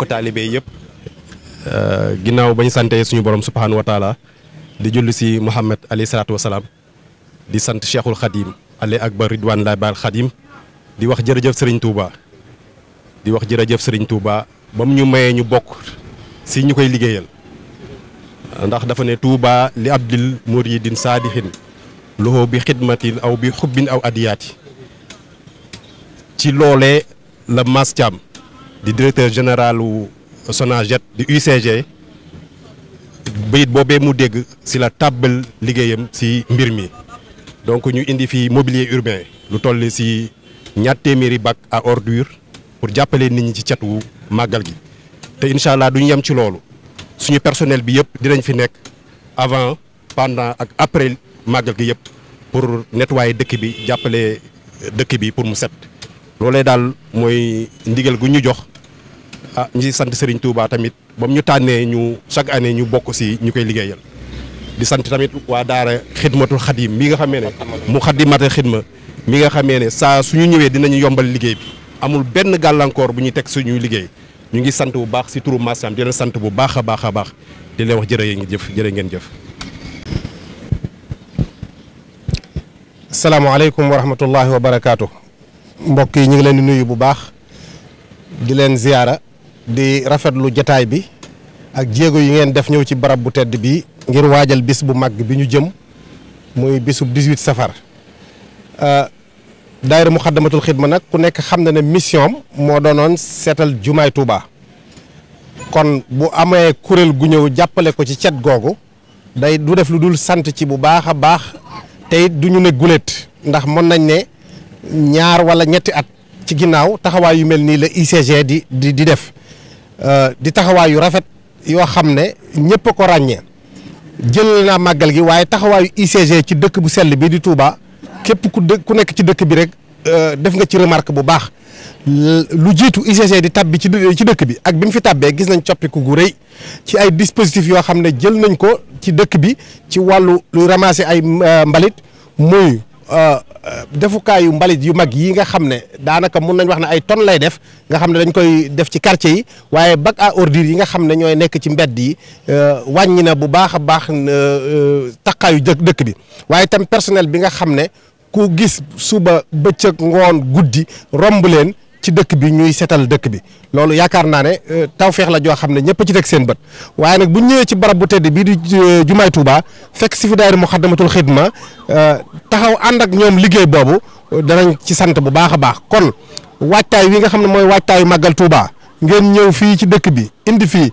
ko taalibe yëpp euh, ginnaaw bañ santee suñu borom subhaanahu wa di julli si Muhammad alayhi salaatu di sant Cheikhul Khadim ale akbar ridwan laay baal di wax jërëjëf Serigne Touba di wax jërëjëf Serigne Touba ba mu ñu mayee ñu bokk si ñu koy liggéeyal ndax dafa ne Touba li abdil muridin saadihin loxo bi xidmatin aw bi xubbin aw adiyaati ci loolee la Mass Thiam di directeur général wu Sonaget di UCG bayit boobee mu dégg si la tàbbal liggéeyam si mbir mi donc ñu indi fi mobilier urbain lu toll si ñaar téeméeri bac à ordure pour jàppale nit ñi ci catu màggal gi te incha allah duñu yem ci loolu suñu personnel bi yëpp dinañ fi nekk avant pendant ak après màggal gi yëpp pour nettoyer dëkk bi jàppale dëkk bi pour mu set loolee daal mooy ndigal gu ñu jox ah ñi sant Serigne Touba tamit ba mu ñu tànnee ñu chaque année ñu bokk si ñu koy liggéeyal di sant tamit waa daara xidmatul xadim mi nga xamee ne mu xadimata xidma mi nga xamee ne saa su ñu ñëwee dinañu yombal liggéey bi amul benn gàllankoor bu ñuy teg suñuy liggéey ñu ngi sant bu baax si turu Massam di leen sant bu baaxa a baax a baax di leen wax jërë ngeen jëf jërë ngeen jëf salaamaaleykum wa rahmatullahi wa barakaatu mbokk yi ñu ngi leen di nuyu bu baax di leen ziyaara di rafetlu jataay bi ak jéego yi ngeen def ñëw ci barab bu tedd bi ngir waajal bis bu mag bi ñu jëm muy bisub 18 safar euh, daayira Muxaddamatul Xidma nag ku nekk xam na ne mission moo doonoon seetal jumaay Tuuba kon bu amee kuréel gu ñëw jàppale ko ci cet googu day du def lu dul sant ci bu baax a baax tey du ñu ne guléet ndax mën nañ ne ñaar wala ñetti at ci ginnaaw taxawaay yu mel nii la ICG di di di def di taxawaay yu rafet yoo xam ne ñëpp ko ràññee jël naa màggal gi waaye taxawaayu ICG ci dëkk bu sell bi di Touba képp ku dë ku nekk ci dëkk bi rek euh, def nga ci remarque bu baax lu jiitu ICG di tabbi ci ci dëkk bi ak bi mu fi tabbee gis nañ coppiku gu rëy ci ay dispositifs yoo xam ne jël nañ ko ci dëkk bi ci wàllu luy ramasser ay euh, mbalit muy Euh, defukaayu mbalit yu mag yi nga xam ne daanaka mun nañ wax ne ay tonnes lay def nga xam ne dañ koy def ci quartier yi waaye bac a ordures yi nga xam ne ñooy nekk ci mbedd yi euh, wàññi na bu baax a baax euh, taqaayu dëkk bi waaye tam personnel bi nga xam ne ku gis suba bëccëg ngoon guddi romb leen ci dëkk bi ñuy setal dëkk bi loolu yaakaar naa ne euh, tawfeex la joo xam ne ñëpp ci teg seen bët waaye nag bu ñëwee ci barab bu tedd bii di euh, jumaay Touba fekk si fi daayira Muxaddamatul Xidma euh, taxaw ànd ak ñoom liggéey boobu danañ ci sant bu baax a baax kon waajtaay wi nga xam ne mooy waajtaayu màggal Touba ngeen ñëw fii ci dëkk bi indi fii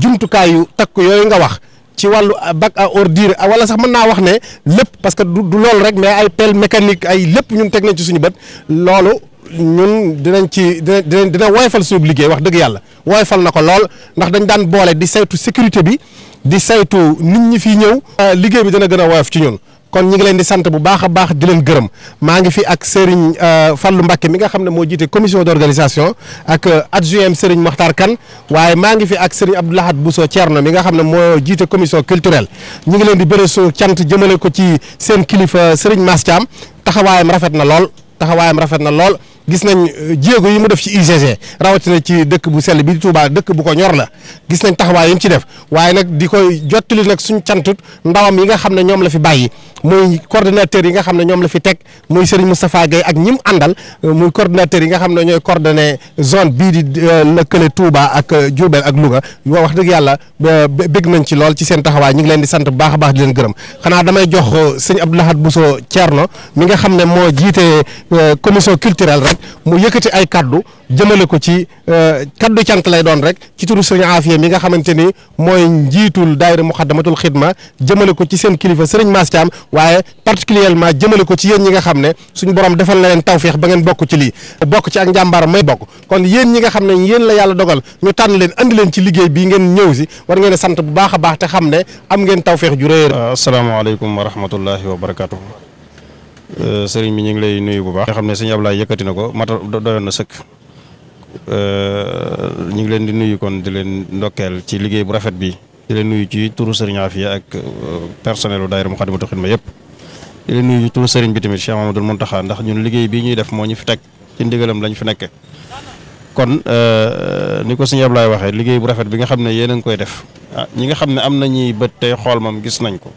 jumtukaayu takk yooyu nga wax. ci wàllu bac à ordure wala sax mën naa wax ne lépp parce que du loolu rek mais ay pelle mécanique ay lépp ñun teg nañ ci suñu bët loolu ñun dinañ ci dina dina woyfal suñu liggéey wax dëgg yàlla woyfal na ko lool ndax dañ daan boole di saytu sécurité bi di saytu nit ñi fi ñëw. Euh, liggéey bi dana gën a woyof ci ñun. kon ñi ngi leen di sant bu baax a baax di leen gërëm maa ngi fi ak Serigne euh, Fallou Mbacké mi nga xam ne moo jiite commission d'organisation ak euh, adjoint Serigne Makhtar kan waaye maa ngi fi ak Serigne Abdoulahad Bousso Thierno mi nga xam ne moo jiite commission culturelle ñu ngi leen di bëre suñu cant jëmale ko ci seen kilifa Serigne Mass Thiam taxawaayam rafet na lool taxawaayam rafet na lool. gis nañ euh, jéego yi mu def ci UCG rawatina ci dëkk bu sell bi di Touba dëkk bu ko ñor la gis nañ taxawaay yi mu ci def waaye nag di koy jottali nag suñ cantut ndawam yi nga xam ne ñoom la fi bàyyi muy coordonnateur yi nga xam ne ñoom la fi teg muy Serigne Moustapha Gueye ak ñim àndal euh, muy coordonnateur yi nga xam ne ñooy coordonné zone bii di euh, lëkkale Touba ak Diourbel ak Louga wax dëgg yàlla bégg nañ ci lool ci seen taxawaay ñu ngi leen di sant bu baax a baax di leen gërëm xanaa damay jox sëñ Abdou Lahad Bousso Thierno mi nga xam ne moo jiite commission culturelle mu yëkkati ay kàddu jëmale ko ci euh, kaddu cant lay doon rek ci turu sëriñ Afia mi nga xamante ni mooy njiitul daayira muxaddamatul xidma jëmale ko ci seen kilifa sëriñ Mass Thiam waaye particulièrement jëmale ko ci yéen ñi nga xam ne suñu borom defal na leen tawféex ba ngeen bokk ci lii bokk ci ak njàmbaar may bokk kon yéen ñi nga xam ne yéen la yàlla dogal ñu tànn leen andi leen ci liggéey bii ngeen ñëw si war ngeen sant bu baax a baax te xam ne am ngeen tawféex ju rëy asalaamaaleykum wa rahmatullahi wa barakatuh Euh, sëriñ bi ñu ngi lay nuyu bu baax. nga xam ne sëñ Ablaye yëkkati na ko matal doyoon na sëkk euh, ñu ngi leen di nuyu kon di leen ndokkeel ci liggéey bu rafet bi di leen nuyu ci turu sëriñ Afia ak euh, personnel u daayira Moukhaddamatoul ma yëpp. di leen nuyu ci turu sëriñ bi tamit Cheikh Mamadou taxaa ndax ñun liggéey bii ñuy def moo ñu fi teg ci ndigalam lañ fi nekke kon ni ko sëñ Ablaye waxee liggéey bu rafet bi nga xam ne yéen a ngi koy def ah ñi nga xam ne am nañuy bët tey xool moom gis nañ ko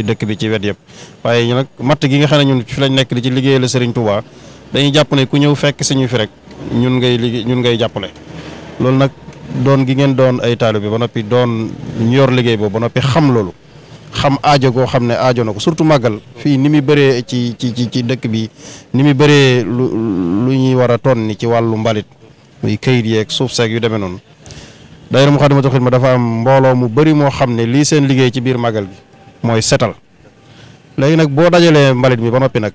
ci dëkk bi ci wet yëpp waaye ñu nag matt gi nga xam ne ñun fi lañ nekk di ci liggéeyal Serigne Touba dañuy jàpp ne ku ñëw fekk si ñu fi rek ñun ngay liggéey ñun ngay jàppale loolu nag doon gi ngeen doon ay taalibe ba noppi doon ñu yor liggéey boobu ba noppi xam loolu xam aajo goo xam ne aajo na ko surtout màggal fii ni muy bëree ci ci ci ci dëkk bi ni muy bëree lu lu ñuy war a ton ni ci wàllu mbalit muy kayit yeeg suuf seeg yu demee noonu daayira Muxaddamatul Xidma dafa am mbooloo mu bëri moo xam ne lii seen liggéey ci biir màggal gi mooy setal léegi nag boo dajalee mbalit mi ba noppi nag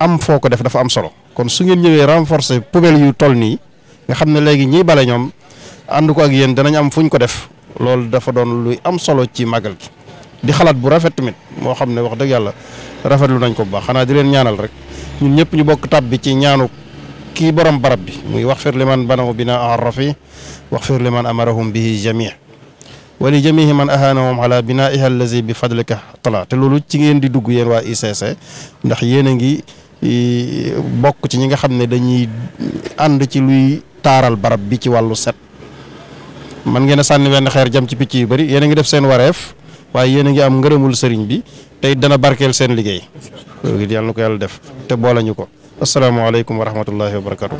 am foo ko def dafa am solo kon su ngeen ñëwee renforcer poubelle yu toll nii nga xam ne léegi ñii bale ñoom ànd ko ak yéen danañ am fuñ ko def loolu dafa doon luy am solo ci màggal gi di xalaat bu rafet tamit moo xam ne wax dëgg yàlla rafetlu nañ ko bu baax xanaa di leen ñaanal rek ñun ñëpp ñu bokk tab bi ci ñaanu kii borom barab bi muy wax fir liman banaw bina arrafi wax fir liman amarahum bihi jamii wali jamihi man ahanahum ala binaiha allazi bi fadlika tala te loolu ci ngeen di dugg yéen waa ICC ndax yéen a ngi bokk ci ñi nga xam ne dañuy ànd ci luy taaral barab bi ci wàllu set man ngeen a sànni wenn xeer jam ci picc yu bari yéen a ngi def seen wareef waaye yéen ngi am ngërëmul sëriñ bi tey dana barkeel seen liggéey loolu it yàlla na ko yàlla def te boolañu ko asalaamaaleykum wa rahmatullahi wa barakatu